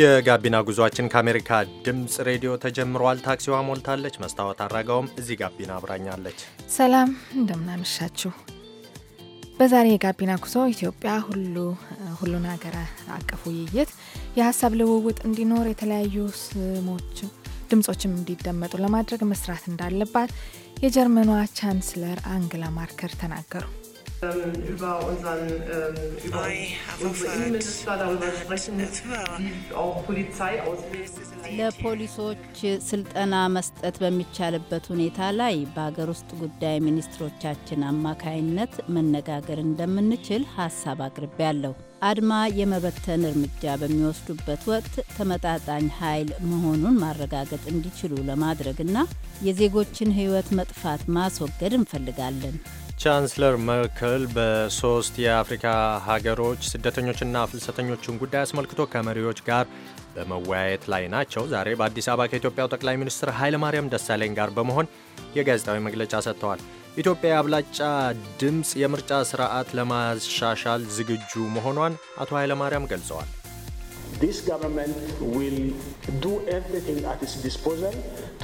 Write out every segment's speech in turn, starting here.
የጋቢና ጉዟችን ከአሜሪካ ድምፅ ሬዲዮ ተጀምሯል። ታክሲዋ ሞልታለች። መስታወት አድራጋውም እዚህ ጋቢና አብራኛለች። ሰላም እንደምናመሻችሁ። በዛሬ የጋቢና ጉዞ ኢትዮጵያ ሁሉ ሁሉን ሀገር አቀፍ ውይይት፣ የሀሳብ ልውውጥ እንዲኖር የተለያዩ ስሞች ድምጾችም እንዲደመጡ ለማድረግ መስራት እንዳለባት የጀርመኗ ቻንስለር አንግላ ማርከር ተናገሩ። über unseren ähm, über unsere Innenminister darüber sprechen, wie auch Polizei auswählt. ለፖሊሶች ስልጠና መስጠት በሚቻልበት ሁኔታ ላይ በሀገር ውስጥ ጉዳይ ሚኒስትሮቻችን አማካይነት መነጋገር እንደምንችል ሀሳብ አቅርቤያለሁ። አድማ የመበተን እርምጃ በሚወስዱበት ወቅት ተመጣጣኝ ኃይል መሆኑን ማረጋገጥ እንዲችሉ ለማድረግና የዜጎችን ሕይወት መጥፋት ማስወገድ እንፈልጋለን። ቻንስለር መርከል በሶስት የአፍሪካ ሀገሮች ስደተኞችና ፍልሰተኞችን ጉዳይ አስመልክቶ ከመሪዎች ጋር በመወያየት ላይ ናቸው። ዛሬ በአዲስ አበባ ከኢትዮጵያው ጠቅላይ ሚኒስትር ኃይለማርያም ደሳለኝ ጋር በመሆን የጋዜጣዊ መግለጫ ሰጥተዋል። ኢትዮጵያ የአብላጫ ድምፅ የምርጫ ስርዓት ለማሻሻል ዝግጁ መሆኗን አቶ ኃይለማርያም ገልጸዋል። This government will do everything at its disposal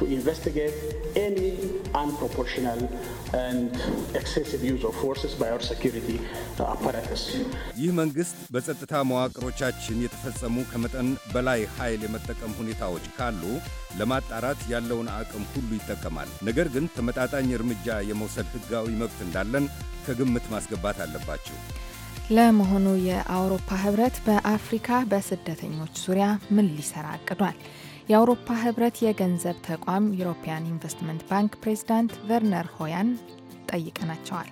to investigate any unproportional and excessive use of forces by our security apparatus. ይህ መንግስት በጸጥታ መዋቅሮቻችን የተፈጸሙ ከመጠን በላይ ኃይል የመጠቀም ሁኔታዎች ካሉ ለማጣራት ያለውን አቅም ሁሉ ይጠቀማል። ነገር ግን ተመጣጣኝ እርምጃ የመውሰድ ህጋዊ መብት እንዳለን ከግምት ማስገባት አለባቸው። ለመሆኑ የአውሮፓ ህብረት በአፍሪካ በስደተኞች ዙሪያ ምን ሊሰራ አቅዷል? የአውሮፓ ህብረት የገንዘብ ተቋም ዩሮፒያን ኢንቨስትመንት ባንክ ፕሬዚዳንት ቨርነር ሆያን ጠይቀናቸዋል።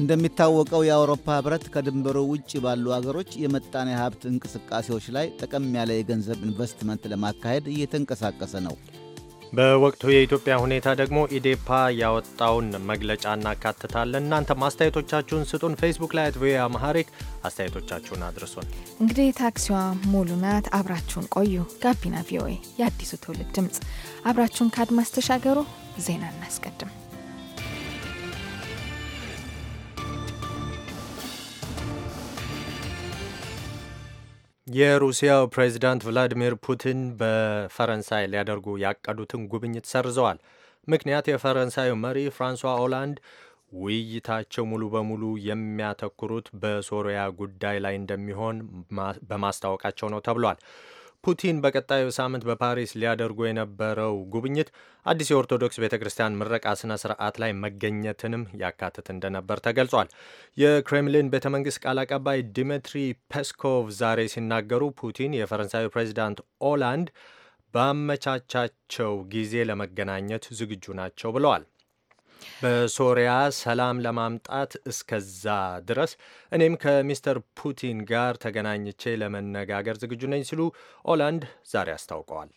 እንደሚታወቀው የአውሮፓ ህብረት ከድንበሩ ውጭ ባሉ አገሮች የመጣኔ ሀብት እንቅስቃሴዎች ላይ ጠቀም ያለ የገንዘብ ኢንቨስትመንት ለማካሄድ እየተንቀሳቀሰ ነው። በወቅቱ የኢትዮጵያ ሁኔታ ደግሞ ኢዴፓ ያወጣውን መግለጫ እናካትታለን። እናንተ አስተያየቶቻችሁን ስጡን። ፌስቡክ ላይ ቪኦኤ አማሃሪክ አስተያየቶቻችሁን አድርሱን። እንግዲህ ታክሲዋ ሙሉ ናት። አብራችሁን ቆዩ። ጋቢና ቪኦኤ የአዲሱ ትውልድ ድምፅ፣ አብራችሁን ከአድማስ ተሻገሩ። ዜና እናስቀድም። የሩሲያው ፕሬዚዳንት ቭላዲሚር ፑቲን በፈረንሳይ ሊያደርጉ ያቀዱትን ጉብኝት ሰርዘዋል። ምክንያት የፈረንሳዩ መሪ ፍራንሷ ኦላንድ ውይይታቸው ሙሉ በሙሉ የሚያተኩሩት በሶሪያ ጉዳይ ላይ እንደሚሆን በማስታወቃቸው ነው ተብሏል። ፑቲን በቀጣዩ ሳምንት በፓሪስ ሊያደርጉ የነበረው ጉብኝት አዲስ የኦርቶዶክስ ቤተ ክርስቲያን ምረቃ ስነ ስርዓት ላይ መገኘትንም ያካትት እንደነበር ተገልጿል። የክሬምሊን ቤተ መንግስት ቃል አቀባይ ዲሚትሪ ፔስኮቭ ዛሬ ሲናገሩ ፑቲን የፈረንሳዊ ፕሬዚዳንት ኦላንድ ባመቻቻቸው ጊዜ ለመገናኘት ዝግጁ ናቸው ብለዋል። በሶሪያ ሰላም ለማምጣት እስከዛ ድረስ እኔም ከሚስተር ፑቲን ጋር ተገናኝቼ ለመነጋገር ዝግጁ ነኝ ሲሉ ኦላንድ ዛሬ አስታውቀዋል።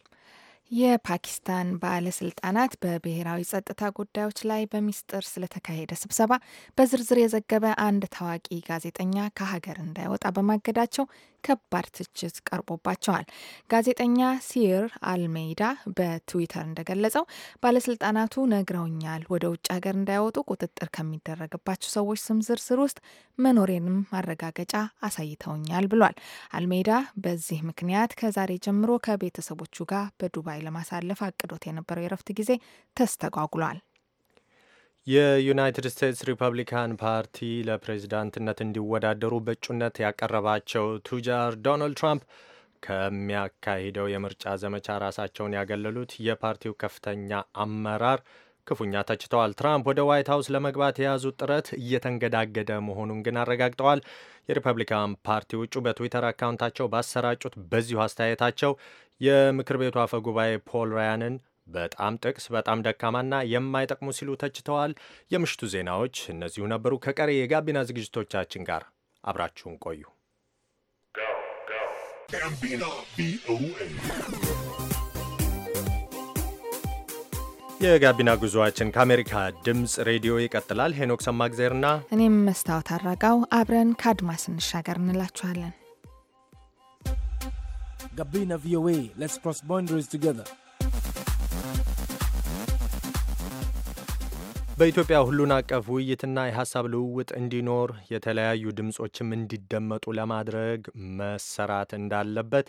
የፓኪስታን ባለስልጣናት በብሔራዊ ጸጥታ ጉዳዮች ላይ በሚስጥር ስለተካሄደ ስብሰባ በዝርዝር የዘገበ አንድ ታዋቂ ጋዜጠኛ ከሀገር እንዳይወጣ በማገዳቸው ከባድ ትችት ቀርቦባቸዋል። ጋዜጠኛ ሲር አልሜይዳ በትዊተር እንደገለጸው ባለስልጣናቱ ነግረውኛል፣ ወደ ውጭ ሀገር እንዳይወጡ ቁጥጥር ከሚደረግባቸው ሰዎች ስም ዝርዝር ውስጥ መኖሬንም ማረጋገጫ አሳይተውኛል ብሏል። አልሜይዳ በዚህ ምክንያት ከዛሬ ጀምሮ ከቤተሰቦቹ ጋር በዱባይ ለማሳለፍ አቅዶት የነበረው የረፍት ጊዜ ተስተጓጉሏል። የዩናይትድ ስቴትስ ሪፐብሊካን ፓርቲ ለፕሬዚዳንትነት እንዲወዳደሩ በእጩነት ያቀረባቸው ቱጃር ዶናልድ ትራምፕ ከሚያካሂደው የምርጫ ዘመቻ ራሳቸውን ያገለሉት የፓርቲው ከፍተኛ አመራር ክፉኛ ተችተዋል። ትራምፕ ወደ ዋይት ሀውስ ለመግባት የያዙት ጥረት እየተንገዳገደ መሆኑን ግን አረጋግጠዋል። የሪፐብሊካን ፓርቲ ውጩ በትዊተር አካውንታቸው ባሰራጩት በዚሁ አስተያየታቸው የምክር ቤቱ አፈ ጉባኤ ፖል ራያንን በጣም ጥቅስ፣ በጣም ደካማና የማይጠቅሙ ሲሉ ተችተዋል። የምሽቱ ዜናዎች እነዚሁ ነበሩ። ከቀሪ የጋቢና ዝግጅቶቻችን ጋር አብራችሁን ቆዩ። የጋቢና ጉዞአችን ከአሜሪካ ድምፅ ሬዲዮ ይቀጥላል። ሄኖክ ሰማግዜርና እኔም መስታወት አራጋው አብረን ከአድማስ እንሻገር እንላችኋለን። ጋቢና ቪኦኤ ሌትስ ክሮስ ባውንደሪስ ቱጌዘር በኢትዮጵያ ሁሉን አቀፍ ውይይትና የሀሳብ ልውውጥ እንዲኖር የተለያዩ ድምፆችም እንዲደመጡ ለማድረግ መሰራት እንዳለበት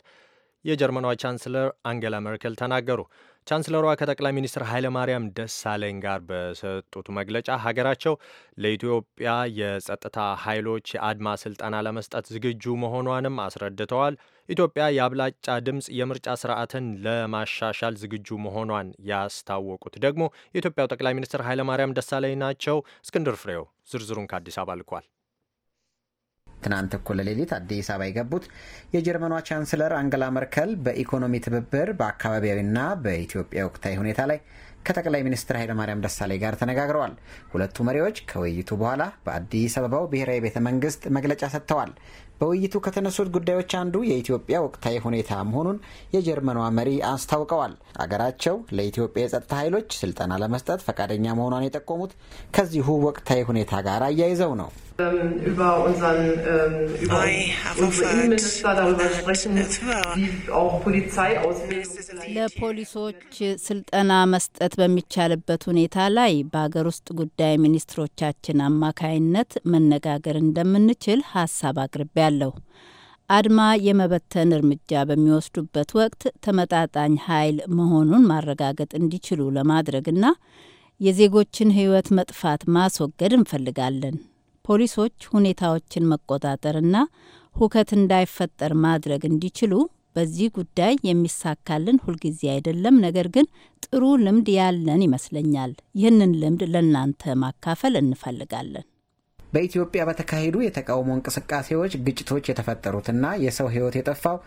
የጀርመኗ ቻንስለር አንጌላ መርከል ተናገሩ። ቻንስለሯ ከጠቅላይ ሚኒስትር ኃይለማርያም ደሳለኝ ጋር በሰጡት መግለጫ ሀገራቸው ለኢትዮጵያ የጸጥታ ኃይሎች የአድማ ስልጠና ለመስጠት ዝግጁ መሆኗንም አስረድተዋል። ኢትዮጵያ የአብላጫ ድምፅ የምርጫ ስርዓትን ለማሻሻል ዝግጁ መሆኗን ያስታወቁት ደግሞ የኢትዮጵያው ጠቅላይ ሚኒስትር ኃይለማርያም ደሳለኝ ናቸው። እስክንድር ፍሬው ዝርዝሩን ከአዲስ አበባ ልኳል። ትናንት እኩለ ሌሊት አዲስ አበባ የገቡት የጀርመኗ ቻንስለር አንገላ መርከል በኢኮኖሚ ትብብር በአካባቢያዊና በኢትዮጵያ ወቅታዊ ሁኔታ ላይ ከጠቅላይ ሚኒስትር ኃይለማርያም ደሳለኝ ጋር ተነጋግረዋል። ሁለቱ መሪዎች ከውይይቱ በኋላ በአዲስ አበባው ብሔራዊ ቤተ መንግስት መግለጫ ሰጥተዋል። በውይይቱ ከተነሱት ጉዳዮች አንዱ የኢትዮጵያ ወቅታዊ ሁኔታ መሆኑን የጀርመኗ መሪ አስታውቀዋል። አገራቸው ለኢትዮጵያ የጸጥታ ኃይሎች ስልጠና ለመስጠት ፈቃደኛ መሆኗን የጠቆሙት ከዚሁ ወቅታዊ ሁኔታ ጋር አያይዘው ነው። Ähm, über unseren ähm, über Innenminister darüber sprechen, wie auch Polizeiausbildung ለፖሊሶች ስልጠና መስጠት በሚቻልበት ሁኔታ ላይ በሀገር ውስጥ ጉዳይ ሚኒስትሮቻችን አማካይነት መነጋገር እንደምንችል ሀሳብ አቅርቤያለሁ። አድማ የመበተን እርምጃ በሚወስዱበት ወቅት ተመጣጣኝ ኃይል መሆኑን ማረጋገጥ እንዲችሉ ለማድረግና የዜጎችን ሕይወት መጥፋት ማስወገድ እንፈልጋለን። ፖሊሶች ሁኔታዎችን መቆጣጠርና ሁከት እንዳይፈጠር ማድረግ እንዲችሉ በዚህ ጉዳይ የሚሳካልን ሁልጊዜ አይደለም፣ ነገር ግን ጥሩ ልምድ ያለን ይመስለኛል። ይህንን ልምድ ለእናንተ ማካፈል እንፈልጋለን። በኢትዮጵያ በተካሄዱ የተቃውሞ እንቅስቃሴዎች ግጭቶች የተፈጠሩትና የሰው ሕይወት የጠፋው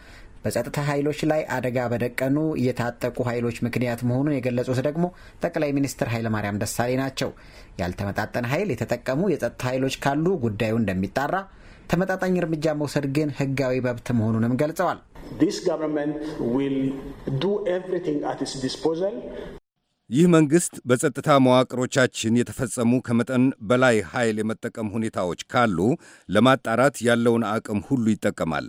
በጸጥታ ኃይሎች ላይ አደጋ በደቀኑ የታጠቁ ኃይሎች ምክንያት መሆኑን የገለጹት ደግሞ ጠቅላይ ሚኒስትር ኃይለማርያም ደሳሌ ናቸው። ያልተመጣጠነ ኃይል የተጠቀሙ የጸጥታ ኃይሎች ካሉ ጉዳዩ እንደሚጣራ፣ ተመጣጣኝ እርምጃ መውሰድ ግን ሕጋዊ መብት መሆኑንም ገልጸዋል። this government will do everything at its disposal ይህ መንግሥት በጸጥታ መዋቅሮቻችን የተፈጸሙ ከመጠን በላይ ኃይል የመጠቀም ሁኔታዎች ካሉ ለማጣራት ያለውን አቅም ሁሉ ይጠቀማል።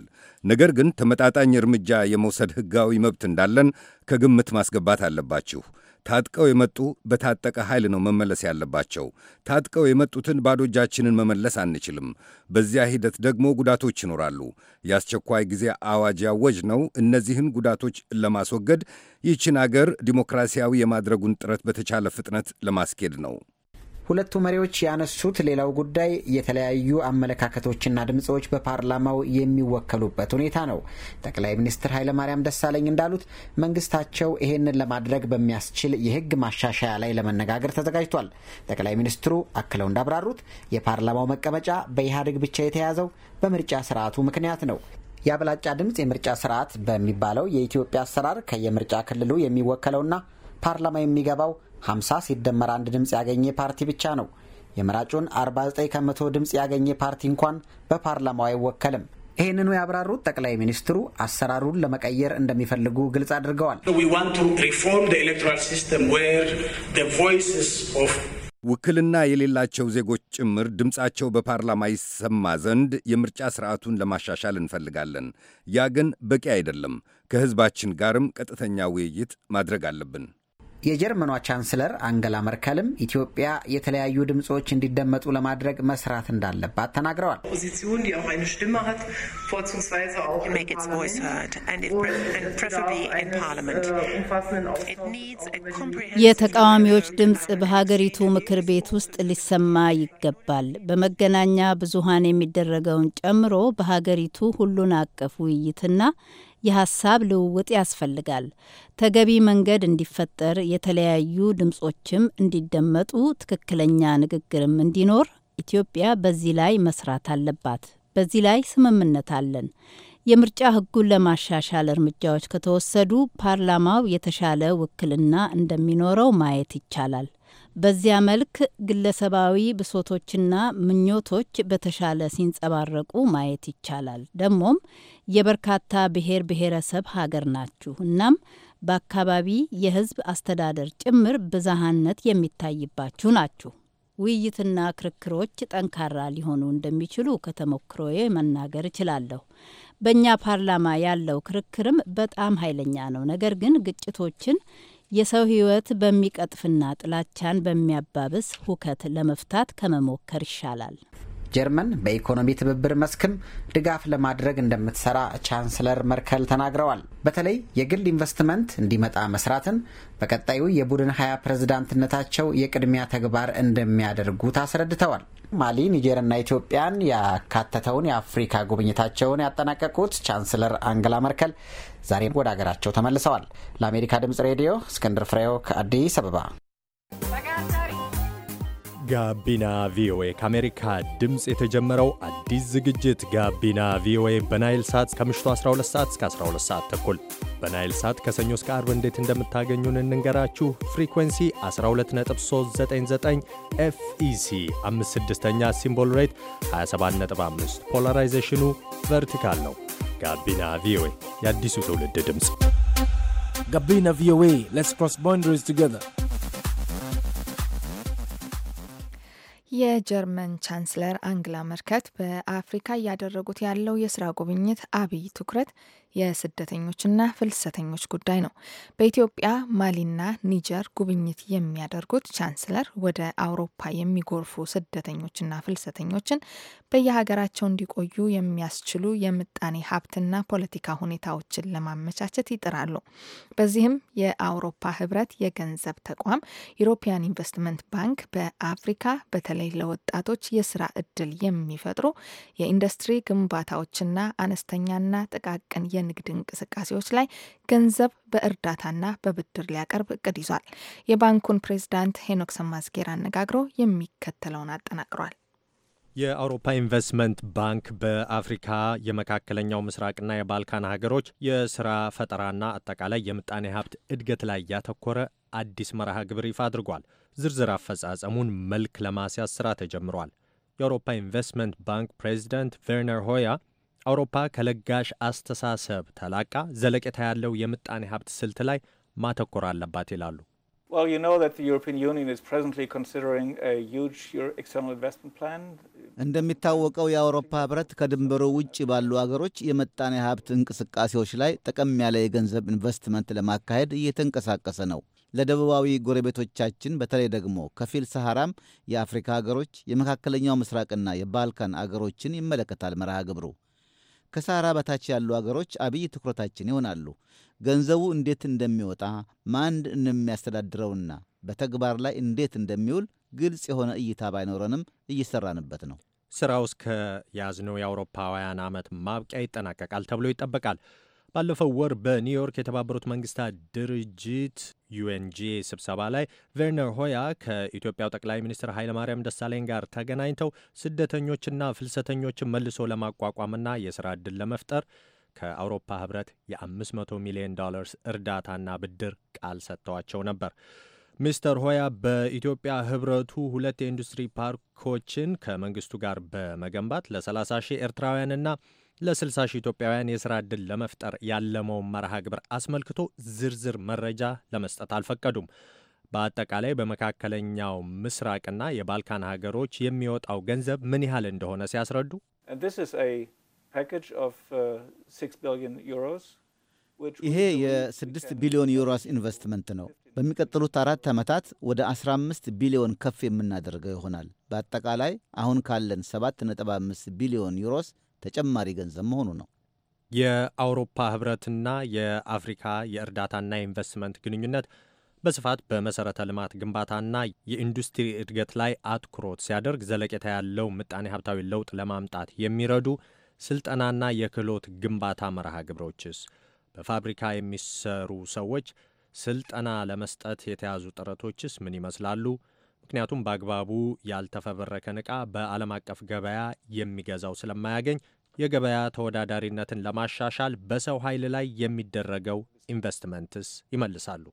ነገር ግን ተመጣጣኝ እርምጃ የመውሰድ ሕጋዊ መብት እንዳለን ከግምት ማስገባት አለባችሁ። ታጥቀው የመጡ በታጠቀ ኃይል ነው መመለስ ያለባቸው። ታጥቀው የመጡትን ባዶ እጃችንን መመለስ አንችልም። በዚያ ሂደት ደግሞ ጉዳቶች ይኖራሉ። የአስቸኳይ ጊዜ አዋጅ ያወጅ ነው እነዚህን ጉዳቶች ለማስወገድ ይህችን አገር ዲሞክራሲያዊ የማድረጉን ጥረት በተቻለ ፍጥነት ለማስኬድ ነው። ሁለቱ መሪዎች ያነሱት ሌላው ጉዳይ የተለያዩ አመለካከቶችና ድምፆች በፓርላማው የሚወከሉበት ሁኔታ ነው። ጠቅላይ ሚኒስትር ኃይለማርያም ደሳለኝ እንዳሉት መንግስታቸው ይህንን ለማድረግ በሚያስችል የህግ ማሻሻያ ላይ ለመነጋገር ተዘጋጅቷል። ጠቅላይ ሚኒስትሩ አክለው እንዳብራሩት የፓርላማው መቀመጫ በኢህአዴግ ብቻ የተያዘው በምርጫ ስርዓቱ ምክንያት ነው። የአብላጫ ድምፅ የምርጫ ስርዓት በሚባለው የኢትዮጵያ አሰራር ከየምርጫ ክልሉ የሚወከለውና ፓርላማ የሚገባው 50 ሲደመር አንድ ድምፅ ያገኘ ፓርቲ ብቻ ነው። የመራጩን 49 ከመቶ ድምፅ ያገኘ ፓርቲ እንኳን በፓርላማው አይወከልም። ይህንኑ ያብራሩት ጠቅላይ ሚኒስትሩ አሰራሩን ለመቀየር እንደሚፈልጉ ግልጽ አድርገዋል። ውክልና የሌላቸው ዜጎች ጭምር ድምፃቸው በፓርላማ ይሰማ ዘንድ የምርጫ ስርዓቱን ለማሻሻል እንፈልጋለን። ያ ግን በቂ አይደለም። ከህዝባችን ጋርም ቀጥተኛ ውይይት ማድረግ አለብን። የጀርመኗ ቻንስለር አንገላ መርከልም ኢትዮጵያ የተለያዩ ድምፆች እንዲደመጡ ለማድረግ መስራት እንዳለባት ተናግረዋል። äh, äh, የተቃዋሚዎች ድምፅ በሀገሪቱ ምክር ቤት ውስጥ ሊሰማ ይገባል። በመገናኛ ብዙሃን የሚደረገውን ጨምሮ በሀገሪቱ ሁሉን አቀፍ ውይይትና የሀሳብ ልውውጥ ያስፈልጋል። ተገቢ መንገድ እንዲፈጠር፣ የተለያዩ ድምጾችም እንዲደመጡ፣ ትክክለኛ ንግግርም እንዲኖር ኢትዮጵያ በዚህ ላይ መስራት አለባት። በዚህ ላይ ስምምነት አለን። የምርጫ ሕጉን ለማሻሻል እርምጃዎች ከተወሰዱ ፓርላማው የተሻለ ውክልና እንደሚኖረው ማየት ይቻላል። በዚያ መልክ ግለሰባዊ ብሶቶችና ምኞቶች በተሻለ ሲንጸባረቁ ማየት ይቻላል። ደግሞም የበርካታ ብሔር ብሔረሰብ ሀገር ናችሁ። እናም በአካባቢ የህዝብ አስተዳደር ጭምር ብዝሃነት የሚታይባችሁ ናችሁ። ውይይትና ክርክሮች ጠንካራ ሊሆኑ እንደሚችሉ ከተሞክሮዬ መናገር እችላለሁ። በእኛ ፓርላማ ያለው ክርክርም በጣም ኃይለኛ ነው። ነገር ግን ግጭቶችን የሰው ህይወት በሚቀጥፍና ጥላቻን በሚያባብስ ሁከት ለመፍታት ከመሞከር ይሻላል። ጀርመን በኢኮኖሚ ትብብር መስክም ድጋፍ ለማድረግ እንደምትሰራ ቻንስለር መርከል ተናግረዋል። በተለይ የግል ኢንቨስትመንት እንዲመጣ መስራትን በቀጣዩ የቡድን ሀያ ፕሬዝዳንትነታቸው የቅድሚያ ተግባር እንደሚያደርጉት አስረድተዋል። ማሊ፣ ኒጀርና ኢትዮጵያን ያካተተውን የአፍሪካ ጉብኝታቸውን ያጠናቀቁት ቻንስለር አንገላ መርከል ዛሬ ወደ አገራቸው ተመልሰዋል። ለአሜሪካ ድምጽ ሬዲዮ እስክንድር ፍሬው ከአዲስ አበባ። ጋቢና ቪኦኤ ከአሜሪካ ድምፅ የተጀመረው አዲስ ዝግጅት ጋቢና ቪኦኤ በናይል ሳት ከምሽቱ 12 ሰዓት እስከ 12 ሰዓት ተኩል በናይል ሳት ከሰኞ እስከ አርብ እንዴት እንደምታገኙን እንንገራችሁ። ፍሪኩንሲ 12399 ኤፍኢሲ 56ኛ ሲምቦል ሬት 275 ፖላራይዜሽኑ ቨርቲካል ነው። ጋቢና ቪኦኤ የአዲሱ ትውልድ ድምፅ። ጋቢና ቪኦኤ ሌትስ ክሮስ ቦንደሪስ ቱጌዘር። የጀርመን ቻንስለር አንግላ መርከት በአፍሪካ እያደረጉት ያለው የስራ ጉብኝት አብይ ትኩረት የስደተኞችና ፍልሰተኞች ጉዳይ ነው። በኢትዮጵያ ማሊና ኒጀር ጉብኝት የሚያደርጉት ቻንስለር ወደ አውሮፓ የሚጎርፉ ስደተኞችና ፍልሰተኞችን በየሀገራቸው እንዲቆዩ የሚያስችሉ የምጣኔ ሀብትና ፖለቲካ ሁኔታዎችን ለማመቻቸት ይጥራሉ። በዚህም የአውሮፓ ህብረት የገንዘብ ተቋም ዩሮፒያን ኢንቨስትመንት ባንክ በአፍሪካ በተለይ ለወጣቶች የስራ እድል የሚፈጥሩ የኢንዱስትሪ ግንባታዎችና አነስተኛና ጥቃቅን የንግድ እንቅስቃሴዎች ላይ ገንዘብ በእርዳታና በብድር ሊያቀርብ እቅድ ይዟል። የባንኩን ፕሬዚዳንት ሄኖክ ሰማዝጌር አነጋግሮ የሚከተለውን አጠናቅሯል። የአውሮፓ ኢንቨስትመንት ባንክ በአፍሪካ የመካከለኛው ምስራቅና የባልካን ሀገሮች የስራ ፈጠራና አጠቃላይ የምጣኔ ሀብት እድገት ላይ ያተኮረ አዲስ መርሃ ግብር ይፋ አድርጓል። ዝርዝር አፈጻጸሙን መልክ ለማስያዝ ስራ ተጀምሯል። የአውሮፓ ኢንቨስትመንት ባንክ ፕሬዚዳንት ቬርነር ሆያ አውሮፓ ከለጋሽ አስተሳሰብ ተላቃ ዘለቄታ ያለው የምጣኔ ሀብት ስልት ላይ ማተኮር አለባት ይላሉ። እንደሚታወቀው የአውሮፓ ህብረት ከድንበሩ ውጭ ባሉ አገሮች የምጣኔ ሀብት እንቅስቃሴዎች ላይ ጠቀም ያለ የገንዘብ ኢንቨስትመንት ለማካሄድ እየተንቀሳቀሰ ነው። ለደቡባዊ ጎረቤቶቻችን በተለይ ደግሞ ከፊል ሰሐራም የአፍሪካ አገሮች፣ የመካከለኛው ምስራቅና የባልካን አገሮችን ይመለከታል መርሃ ግብሩ። ከሳራ በታች ያሉ አገሮች አብይ ትኩረታችን ይሆናሉ። ገንዘቡ እንዴት እንደሚወጣ ማን እንደሚያስተዳድረውና በተግባር ላይ እንዴት እንደሚውል ግልጽ የሆነ እይታ ባይኖረንም እየሰራንበት ነው። ስራው እስከ ያዝነው የአውሮፓውያን ዓመት ማብቂያ ይጠናቀቃል ተብሎ ይጠበቃል። ባለፈው ወር በኒውዮርክ የተባበሩት መንግስታት ድርጅት ዩኤንጂ ስብሰባ ላይ ቬርነር ሆያ ከኢትዮጵያው ጠቅላይ ሚኒስትር ኃይለማርያም ደሳለኝ ጋር ተገናኝተው ስደተኞችና ፍልሰተኞችን መልሶ ለማቋቋምና የሥራ ዕድል ለመፍጠር ከአውሮፓ ህብረት የ500 ሚሊዮን ዶላርስ እርዳታና ብድር ቃል ሰጥተዋቸው ነበር። ሚስተር ሆያ በኢትዮጵያ ህብረቱ ሁለት የኢንዱስትሪ ፓርኮችን ከመንግስቱ ጋር በመገንባት ለ30 ሺህ ኤርትራውያንና ለ60 ሺህ ኢትዮጵያውያን የሥራ ዕድል ለመፍጠር ያለመውን መርሃ ግብር አስመልክቶ ዝርዝር መረጃ ለመስጠት አልፈቀዱም። በአጠቃላይ በመካከለኛው ምስራቅና የባልካን ሀገሮች የሚወጣው ገንዘብ ምን ያህል እንደሆነ ሲያስረዱ uh, ይሄ የ6 ቢሊዮን ዩሮስ ኢንቨስትመንት ነው። በሚቀጥሉት አራት ዓመታት ወደ 15 ቢሊዮን ከፍ የምናደርገው ይሆናል። በአጠቃላይ አሁን ካለን 7.5 ቢሊዮን ዩሮስ ተጨማሪ ገንዘብ መሆኑ ነው። የአውሮፓ ህብረትና የአፍሪካ የእርዳታና ኢንቨስትመንት ግንኙነት በስፋት በመሰረተ ልማት ግንባታና የኢንዱስትሪ እድገት ላይ አትኩሮት ሲያደርግ ዘለቄታ ያለው ምጣኔ ሀብታዊ ለውጥ ለማምጣት የሚረዱ ስልጠናና የክህሎት ግንባታ መርሃ ግብሮችስ? በፋብሪካ የሚሰሩ ሰዎች ስልጠና ለመስጠት የተያዙ ጥረቶችስ ምን ይመስላሉ? ምክንያቱም በአግባቡ ያልተፈበረከን ዕቃ በዓለም አቀፍ ገበያ የሚገዛው ስለማያገኝ የገበያ ተወዳዳሪነትን ለማሻሻል በሰው ኃይል ላይ የሚደረገው ኢንቨስትመንትስ ይመልሳሉ።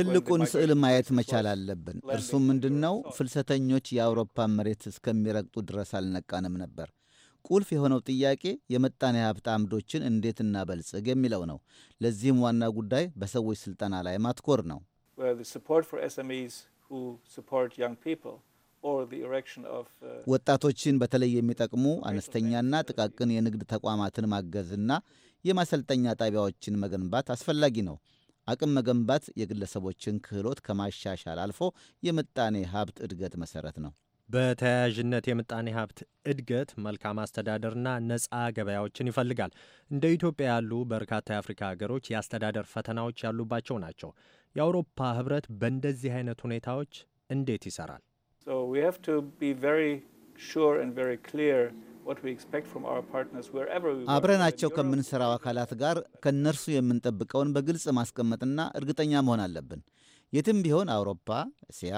ትልቁን ስዕል ማየት መቻል አለብን። እርሱም ምንድን ነው? ፍልሰተኞች የአውሮፓ መሬት እስከሚረግጡ ድረስ አልነቃንም ነበር። ቁልፍ የሆነው ጥያቄ የምጣኔ ሀብት አምዶችን እንዴት እናበልጽግ የሚለው ነው። ለዚህም ዋና ጉዳይ በሰዎች ስልጠና ላይ ማትኮር ነው። uh, ወጣቶችን በተለይ የሚጠቅሙ አነስተኛና ጥቃቅን የንግድ ተቋማትን ማገዝና የማሰልጠኛ ጣቢያዎችን መገንባት አስፈላጊ ነው። አቅም መገንባት የግለሰቦችን ክህሎት ከማሻሻል አልፎ የምጣኔ ሀብት እድገት መሰረት ነው። በተያያዥነት የምጣኔ ሀብት እድገት መልካም አስተዳደርና ነፃ ገበያዎችን ይፈልጋል። እንደ ኢትዮጵያ ያሉ በርካታ የአፍሪካ ሀገሮች የአስተዳደር ፈተናዎች ያሉባቸው ናቸው። የአውሮፓ ህብረት በእንደዚህ አይነት ሁኔታዎች እንዴት ይሰራል? አብረናቸው ከምንሰራው አካላት ጋር ከእነርሱ የምንጠብቀውን በግልጽ ማስቀመጥና እርግጠኛ መሆን አለብን። የትም ቢሆን አውሮፓ፣ እስያ፣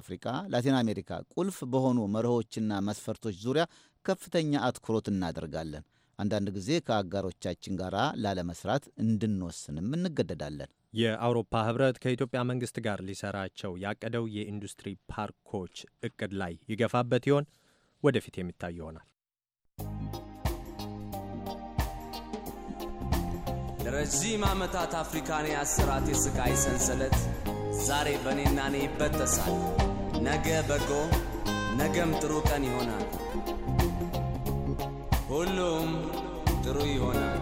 አፍሪካ፣ ላቲን አሜሪካ ቁልፍ በሆኑ መርሆችና መስፈርቶች ዙሪያ ከፍተኛ አትኩሮት እናደርጋለን። አንዳንድ ጊዜ ከአጋሮቻችን ጋር ላለመስራት እንድንወስንም እንገደዳለን። የአውሮፓ ህብረት ከኢትዮጵያ መንግስት ጋር ሊሰራቸው ያቀደው የኢንዱስትሪ ፓርኮች እቅድ ላይ ይገፋበት ይሆን? ወደፊት የሚታይ ይሆናል። ለረዥም ዓመታት አፍሪካን የአሰራት የስቃይ ሰንሰለት ዛሬ በእኔና እኔ ይበጠሳል። ነገ በጎ ነገም ጥሩ ቀን ይሆናል። ሁሉም ጥሩ ይሆናል።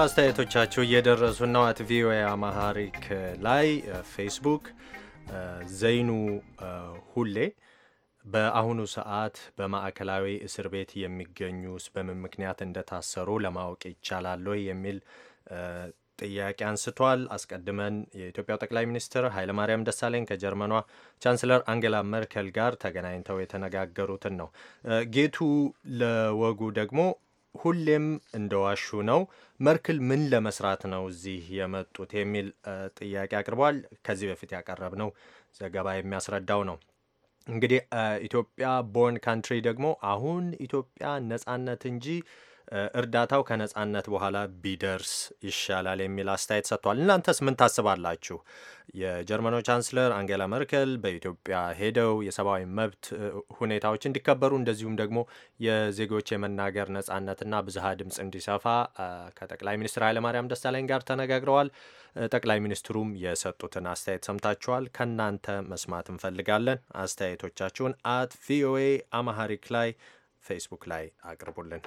አስተያየቶቻችሁ እየደረሱ ነው። አት ቪኦኤ አማሃሪክ ላይ ፌስቡክ ዘይኑ ሁሌ በአሁኑ ሰዓት በማዕከላዊ እስር ቤት የሚገኙ በምን ምክንያት እንደታሰሩ ለማወቅ ይቻላል የሚል ጥያቄ አንስቷል። አስቀድመን የኢትዮጵያው ጠቅላይ ሚኒስትር ኃይለማርያም ደሳለኝ ከጀርመኗ ቻንስለር አንጌላ መርከል ጋር ተገናኝተው የተነጋገሩትን ነው። ጌቱ ለወጉ ደግሞ ሁሌም እንደዋሹ ነው። መርክል ምን ለመስራት ነው እዚህ የመጡት የሚል ጥያቄ አቅርበዋል። ከዚህ በፊት ያቀረብነው ዘገባ የሚያስረዳው ነው። እንግዲህ ኢትዮጵያ ቦርን ካንትሪ ደግሞ አሁን ኢትዮጵያ ነጻነት እንጂ እርዳታው ከነጻነት በኋላ ቢደርስ ይሻላል የሚል አስተያየት ሰጥቷል። እናንተስ ምን ታስባላችሁ? የጀርመኖ ቻንስለር አንጌላ መርከል በኢትዮጵያ ሄደው የሰብአዊ መብት ሁኔታዎች እንዲከበሩ እንደዚሁም ደግሞ የዜጎች የመናገር ነጻነትና ብዝሃ ድምፅ እንዲሰፋ ከጠቅላይ ሚኒስትር ኃይለማርያም ደሳለኝ ጋር ተነጋግረዋል። ጠቅላይ ሚኒስትሩም የሰጡትን አስተያየት ሰምታችኋል። ከእናንተ መስማት እንፈልጋለን። አስተያየቶቻችሁን አት ቪኦኤ አማሃሪክ ላይ ፌስቡክ ላይ አቅርቡልን።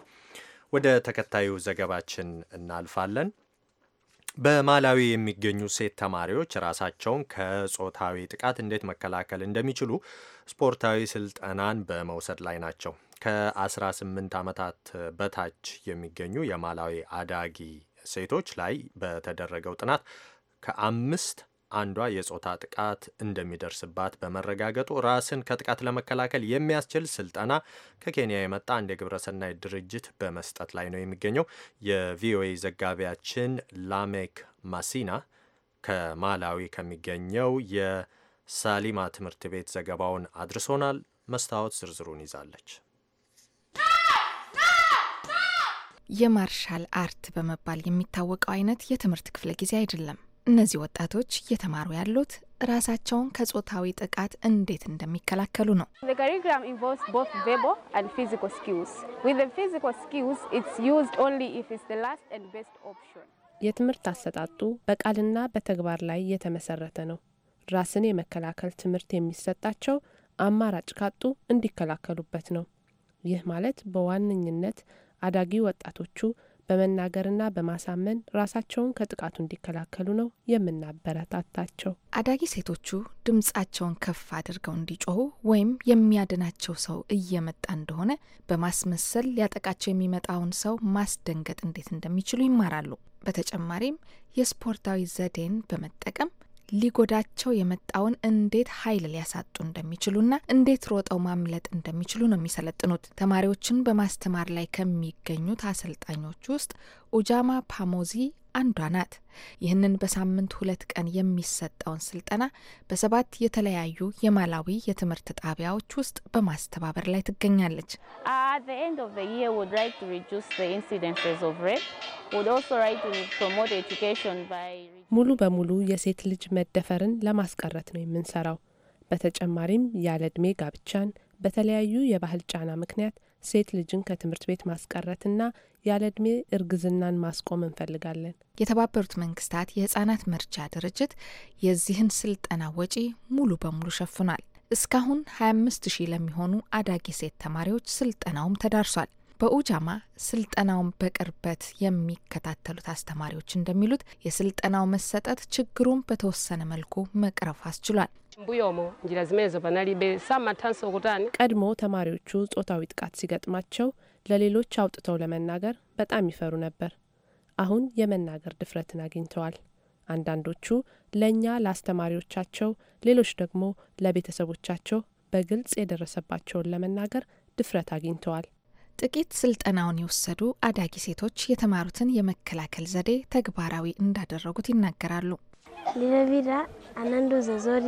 ወደ ተከታዩ ዘገባችን እናልፋለን። በማላዊ የሚገኙ ሴት ተማሪዎች ራሳቸውን ከጾታዊ ጥቃት እንዴት መከላከል እንደሚችሉ ስፖርታዊ ስልጠናን በመውሰድ ላይ ናቸው። ከ18 ዓመታት በታች የሚገኙ የማላዊ አዳጊ ሴቶች ላይ በተደረገው ጥናት ከአምስት አንዷ የጾታ ጥቃት እንደሚደርስባት በመረጋገጡ ራስን ከጥቃት ለመከላከል የሚያስችል ስልጠና ከኬንያ የመጣ አንድ የግብረሰናይ ድርጅት በመስጠት ላይ ነው የሚገኘው። የቪኦኤ ዘጋቢያችን ላሜክ ማሲና ከማላዊ ከሚገኘው የሳሊማ ትምህርት ቤት ዘገባውን አድርሶናል። መስታወት ዝርዝሩን ይዛለች። የማርሻል አርት በመባል የሚታወቀው አይነት የትምህርት ክፍለ ጊዜ አይደለም። እነዚህ ወጣቶች እየተማሩ ያሉት ራሳቸውን ከጾታዊ ጥቃት እንዴት እንደሚከላከሉ ነው። የትምህርት አሰጣጡ በቃልና በተግባር ላይ የተመሰረተ ነው። ራስን የመከላከል ትምህርት የሚሰጣቸው አማራጭ ካጡ እንዲከላከሉበት ነው። ይህ ማለት በዋነኝነት አዳጊ ወጣቶቹ በመናገርና በማሳመን ራሳቸውን ከጥቃቱ እንዲከላከሉ ነው የምናበረታታቸው። አዳጊ ሴቶቹ ድምፃቸውን ከፍ አድርገው እንዲጮሁ ወይም የሚያድናቸው ሰው እየመጣ እንደሆነ በማስመሰል ሊያጠቃቸው የሚመጣውን ሰው ማስደንገጥ እንዴት እንደሚችሉ ይማራሉ። በተጨማሪም የስፖርታዊ ዘዴን በመጠቀም ሊጎዳቸው የመጣውን እንዴት ኃይል ሊያሳጡ እንደሚችሉና እንዴት ሮጠው ማምለጥ እንደሚችሉ ነው የሚሰለጥኑት። ተማሪዎችን በማስተማር ላይ ከሚገኙት አሰልጣኞች ውስጥ ኡጃማ ፓሞዚ አንዷ ናት። ይህንን በሳምንት ሁለት ቀን የሚሰጠውን ስልጠና በሰባት የተለያዩ የማላዊ የትምህርት ጣቢያዎች ውስጥ በማስተባበር ላይ ትገኛለች። ሙሉ በሙሉ የሴት ልጅ መደፈርን ለማስቀረት ነው የምንሰራው። በተጨማሪም ያለ ዕድሜ ጋብቻን በተለያዩ የባህል ጫና ምክንያት ሴት ልጅን ከትምህርት ቤት ማስቀረትና ያለ ዕድሜ እርግዝናን ማስቆም እንፈልጋለን። የተባበሩት መንግስታት የህጻናት መርጃ ድርጅት የዚህን ስልጠና ወጪ ሙሉ በሙሉ ሸፍኗል። እስካሁን 25 ሺህ ለሚሆኑ አዳጊ ሴት ተማሪዎች ስልጠናውም ተዳርሷል። በኡጃማ ስልጠናውን በቅርበት የሚከታተሉት አስተማሪዎች እንደሚሉት የስልጠናው መሰጠት ችግሩን በተወሰነ መልኩ መቅረፍ አስችሏል። ቀድሞ ተማሪዎቹ ጾታዊ ጥቃት ሲገጥማቸው ለሌሎች አውጥተው ለመናገር በጣም ይፈሩ ነበር። አሁን የመናገር ድፍረትን አግኝተዋል። አንዳንዶቹ ለእኛ ለአስተማሪዎቻቸው፣ ሌሎች ደግሞ ለቤተሰቦቻቸው በግልጽ የደረሰባቸውን ለመናገር ድፍረት አግኝተዋል። ጥቂት ስልጠናውን የወሰዱ አዳጊ ሴቶች የተማሩትን የመከላከል ዘዴ ተግባራዊ እንዳደረጉት ይናገራሉ። ሊረቢዳ አናንዱ ዘዞሪ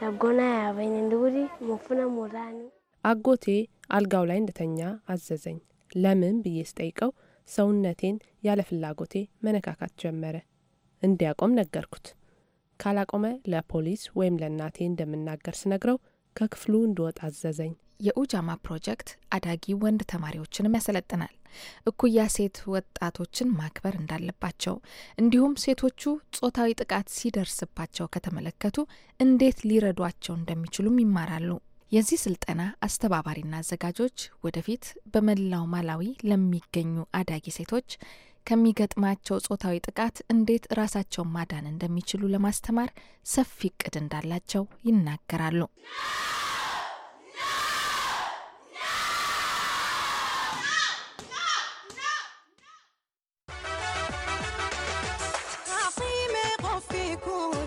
ዳጎና ያበኝ እንድቡሪ ሞፉነ ሙራኒ አጎቴ አልጋው ላይ እንደተኛ አዘዘኝ። ለምን ብዬ ስጠይቀው ሰውነቴን ያለ ፍላጎቴ መነካካት ጀመረ። እንዲያቆም ነገርኩት። ካላቆመ ለፖሊስ ወይም ለእናቴ እንደምናገር ስነግረው ከክፍሉ እንድወጣ አዘዘኝ። የኡጃማ ፕሮጀክት አዳጊ ወንድ ተማሪዎችንም ያሰለጥናል። እኩያ ሴት ወጣቶችን ማክበር እንዳለባቸው እንዲሁም ሴቶቹ ጾታዊ ጥቃት ሲደርስባቸው ከተመለከቱ እንዴት ሊረዷቸው እንደሚችሉም ይማራሉ። የዚህ ስልጠና አስተባባሪና አዘጋጆች ወደፊት በመላው ማላዊ ለሚገኙ አዳጊ ሴቶች ከሚገጥማቸው ጾታዊ ጥቃት እንዴት ራሳቸውን ማዳን እንደሚችሉ ለማስተማር ሰፊ እቅድ እንዳላቸው ይናገራሉ።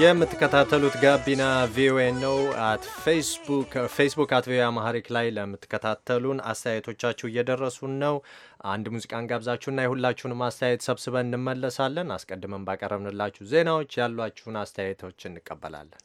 የምትከታተሉት ጋቢና ቪኦኤ ነው። አት ፌስቡክ ፌስቡክ አት ቪኦኤ አማሪክ ላይ ለምትከታተሉን አስተያየቶቻችሁ እየደረሱን ነው። አንድ ሙዚቃን ጋብዛችሁና የሁላችሁንም አስተያየት ሰብስበን እንመለሳለን። አስቀድመን ባቀረብንላችሁ ዜናዎች ያሏችሁን አስተያየቶች እንቀበላለን።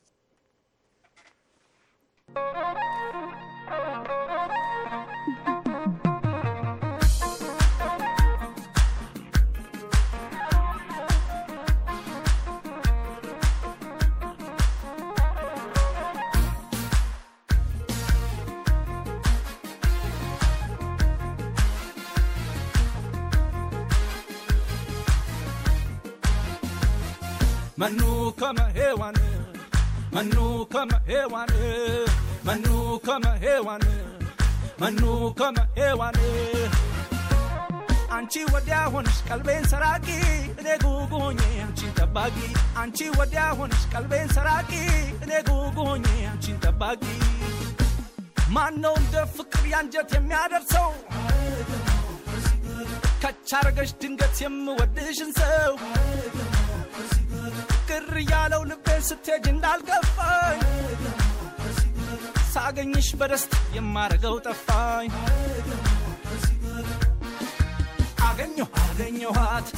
Manu kama hewane Manu kama hewane Manu kama hewane Manu kama hewane አንቺ ወዲያ ሆንሽ ቀልቤን ሰራቂ እኔ ጉጉ ሆኜ አንቺን ጠባቂ አንቺ ወዲያ ሆንሽ ቀልቤን ሰራቂ እኔ ጉጉ ሆኜ አንቺን ጠባቂ ማነው እንደ ፍቅር ያንጀት የሚያደርሰው ከቻረገሽ ድንገት የምወድሽን ሰው ምርር እያለው ልቤ ስትሄድ እንዳልከፋኝ ሳገኝሽ በደስት የማረገው ጠፋኝ። አገኘሁ አገኘኋት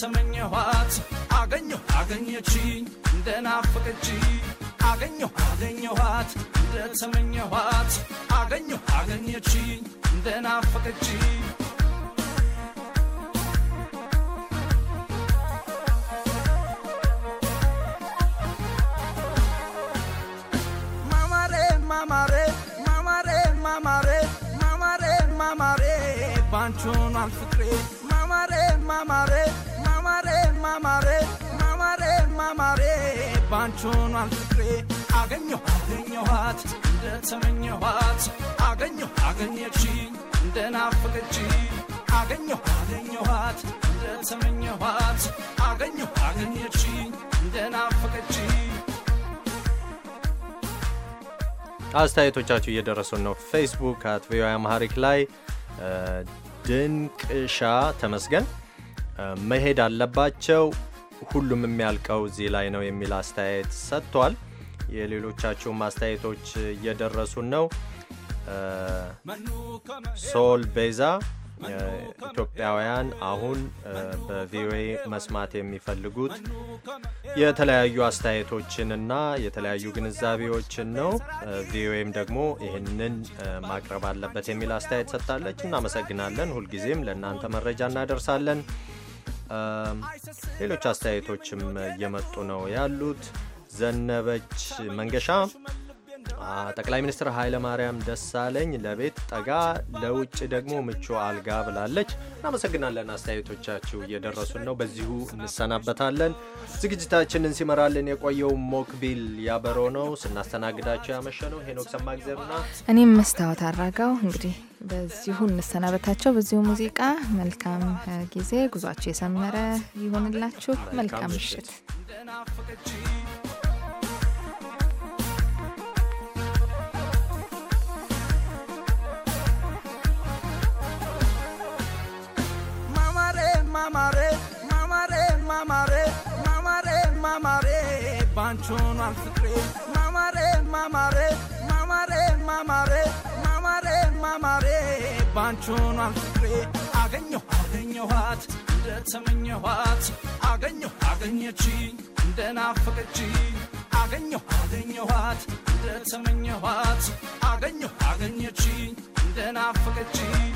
ተመኘኋት አገኘሁ አገኘችኝ እንደናፈቀች አገኘሁ አገኘኋት ተመኘኋት አገኘሁ አገኘችኝ እንደናፈቀች ሆኗል ፍቅሬ ማማሬ ማማሬ ማማሬ ማማሬ ማማሬ ማማሬ ባንቺ ሆኗል ፍቅሬ አገኘሁ አገኘኋት እንደ ተመኘኋት አገኘሁ አገኘችኝ እንደ ናፈቀችኝ አገኘሁ አገኘኋት እንደ ተመኘኋት አገኘሁ አገኘችኝ እንደ ናፈቀችኝ አስተያየቶቻችሁ እየደረሱን ነው። ፌስቡክ አት ቪኦኤ አማሪክ ላይ ድንቅሻ ተመስገን መሄድ አለባቸው፣ ሁሉም የሚያልቀው እዚህ ላይ ነው የሚል አስተያየት ሰጥቷል። የሌሎቻችሁ አስተያየቶች እየደረሱን ነው። ሶል ቤዛ ኢትዮጵያውያን አሁን በቪኦኤ መስማት የሚፈልጉት የተለያዩ አስተያየቶችንና የተለያዩ ግንዛቤዎችን ነው። ቪኦኤም ደግሞ ይህንን ማቅረብ አለበት የሚል አስተያየት ሰጥታለች። እናመሰግናለን። ሁልጊዜም ለእናንተ መረጃ እናደርሳለን። ሌሎች አስተያየቶችም እየመጡ ነው ያሉት። ዘነበች መንገሻ ጠቅላይ ሚኒስትር ኃይለማርያም ደሳለኝ ለቤት ጠጋ ለውጭ ደግሞ ምቹ አልጋ ብላለች። እናመሰግናለን። አስተያየቶቻችሁ እየደረሱን ነው። በዚሁ እንሰናበታለን። ዝግጅታችንን ሲመራልን የቆየው ሞክቢል ያበሮ ነው። ስናስተናግዳቸው ያመሸ ነው ሄኖክ ሰማግዘርና እኔም መስታወት አራጋው። እንግዲህ በዚሁ እንሰናበታቸው በዚሁ ሙዚቃ። መልካም ጊዜ፣ ጉዟቸው የሰመረ ይሆንላችሁ። መልካም ምሽት ማማሬ ማማሬ ማማሬ ማማሬ ማማሬ ባንቾኗል ፍቅሬ ማማሬ ማማሬ ማማሬ ማማሬ ማማሬ ማማሬ ባንቾኗል ፍቅሬ አገኘሁ አገኘኋት እንደተመኘኋት አገኘሁ አገኘችኝ እንደናፈቀችኝ አገኘሁ አገኘኋት እንደተመኘኋት አገኘሁ አገኘችኝ እንደናፈቀችኝ